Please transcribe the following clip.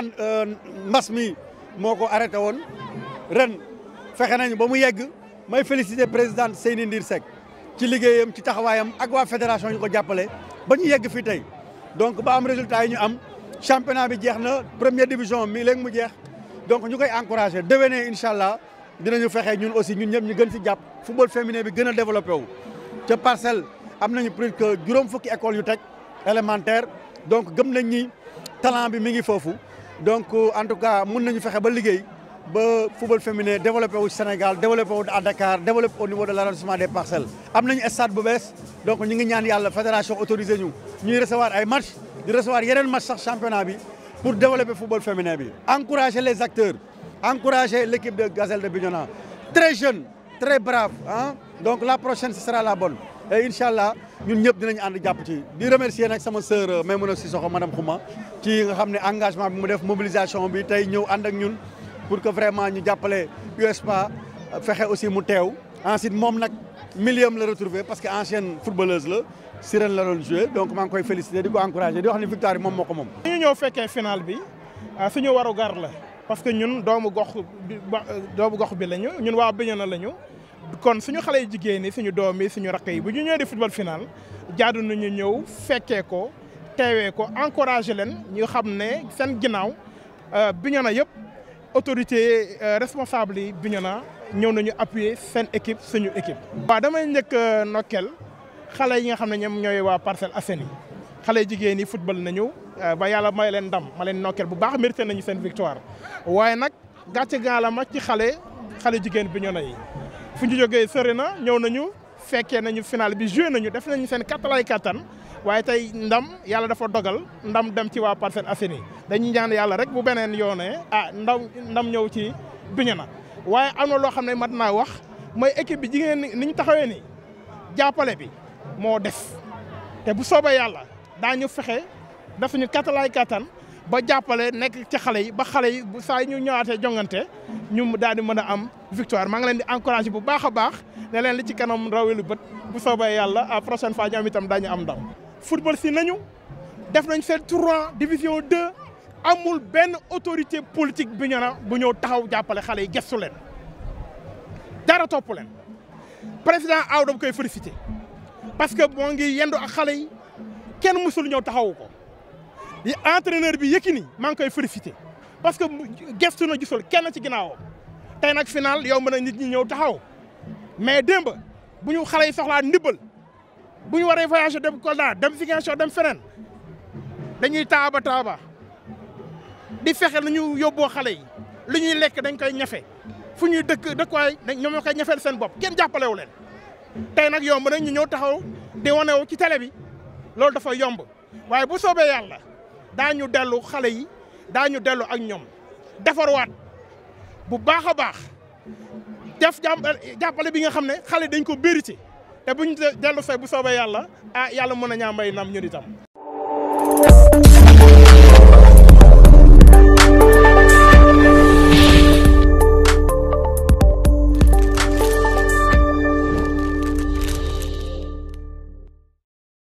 pan euh, mbas moko arrêté won ren fexé nañu ba mu yegg may féliciter président Seyni Ndir Seck ci liggéeyam ci taxawayam ak wa fédération ñu ko jàppale ba ñu yegg fi tay donc ba am résultat yi ñu am championnat bi jeex première division mi lég mu jeex donc ñu koy encourager déwénee inshallah dinañu fexé ñun aussi ñun ñëpp ñu gën ci japp football féminin bi gën a développé wu ca parcelle am nañu plus que juroom fukki école yu tek élémentaire donc gëm nañ ni talent bi mi ngi fofu donc euh, en tout cas nous nañu fexe ba pour le football féminin développer au Sénégal développer au à Dakar développer au niveau de l'arrondissement des parcelles. am un stade de baisse, donc nous avons ñaan fédération autorisée nous ñuy recevoir un match nous recevoir un match championnat pour développer le football féminin bi. encourager les acteurs encourager l'équipe de Gazelle de Bignona très jeune très brave hein. donc la prochaine ce sera la bonne et Inch'Allah... ñun ñëpp dinañ ànd jàpp ci di remercier nag sama sœur euh, Maimouna Sissoko madame Khouma ci nga xam ne engagement bi mu def mobilisation bi tey ñëw ànd ak ñun pour que vraiment ñu jàppale USPA euh, fexe aussi mu teew ensuite moom nag millième la retrouvé parce que ancienne footballeuse la Sirène la doon joué donc maa ngi koy félicité di ko encouragé di wax ni victoire bi moom moo ko moom ñu ñëw fekkee final bi euh, suñu waru gar la parce que ñun doomu gox bi doomu gox bi lañu ñun waa Bignona lañu kon suñu xale yu jigéen ñi suñu doom yi suñu rakk yi bu ñu ñëwee di football final jaadu nañu ñëw fekkee ko teewee ko encouragé leen ñu xam ne seen ginnaaw euh, Bignona yëpp autorité euh, responsable yi Bignona ñëw nañu appuyer seen équipe suñu équipe. waaw damay njëkk euh, ndokkeel xale yi nga xam ne ñoom ñooy waa Parcelles Assainies yi xale jigéen yi football nañu ba yàlla may leen dam ma leen ndokkeel bu baax mérité nañu seen victoire waaye nag gàcce gaala ma ci xale xale jigéen Bignona yi. fu ñu jógee sori na ñëw nañu fekkee nañu final bi joué nañu def nañu seen kattalay kattan waaye tey ndam yàlla dafa dogal ndam dem ci waa parcelle asini dañuy ñaan yàlla rek bu beneen yoonee ah ndam ndam ñëw ci na waaye am na loo xam ne mat naa wax mooy équipe bi jigéen ni ñu taxawee ni jàppale bi moo def te bu soobee yàlla daañu fexe daf ñu kattalay kattan ba jàppale nekk ci xale yi ba xale yi bu saa ñu ñëwaatee jongante ñu daal di mën a am victoire maa ngi leen di encouragé bu baax a baax ne leen li ci kanam rawelu bët bu soobee yàlla à prochaine fois ñoom itam daañu am ndaw. football si nañu def nañ seen tournoi division 2 amul benn autorité politique bi ñu bu ñëw taxaw jàppale xale yi gestu leen dara topp leen président aw dama koy félicité parce que moo ngi yendu a xale yi kenn mësul ñëw taxawu ko. entraîneur bi Yékini maa ngi koy félicité parce que gestu na gisul kenn ci ginnaawam tey nag final yow mën a nit ñi ñëw taxaw mais démb bu ñu xale yi soxlaa ndibbal bu ñu waree voyager dem Kolda dem Ziguinchor dem feneen dañuy taaba taaba di fexe lu ñu yóbboo xale yi li ñuy lekk dañ koy ñafe fu ñuy dëkk dëkkuwaay ñoom ñoo koy ñafeel seen bopp kenn jàppalewu leen tey nag yomb nag ñu ñëw taxaw di wanewu ci télé bi loolu dafa yomb waaye bu soobee yàlla dañu delu xalé yi dañu delu ak ñom defar wat bu baaxa baax def jappale bi nga xamne xalé dañ ko bérité té buñu delu fay bu soobé yalla ah yalla mëna ñam bay nam ñu ditam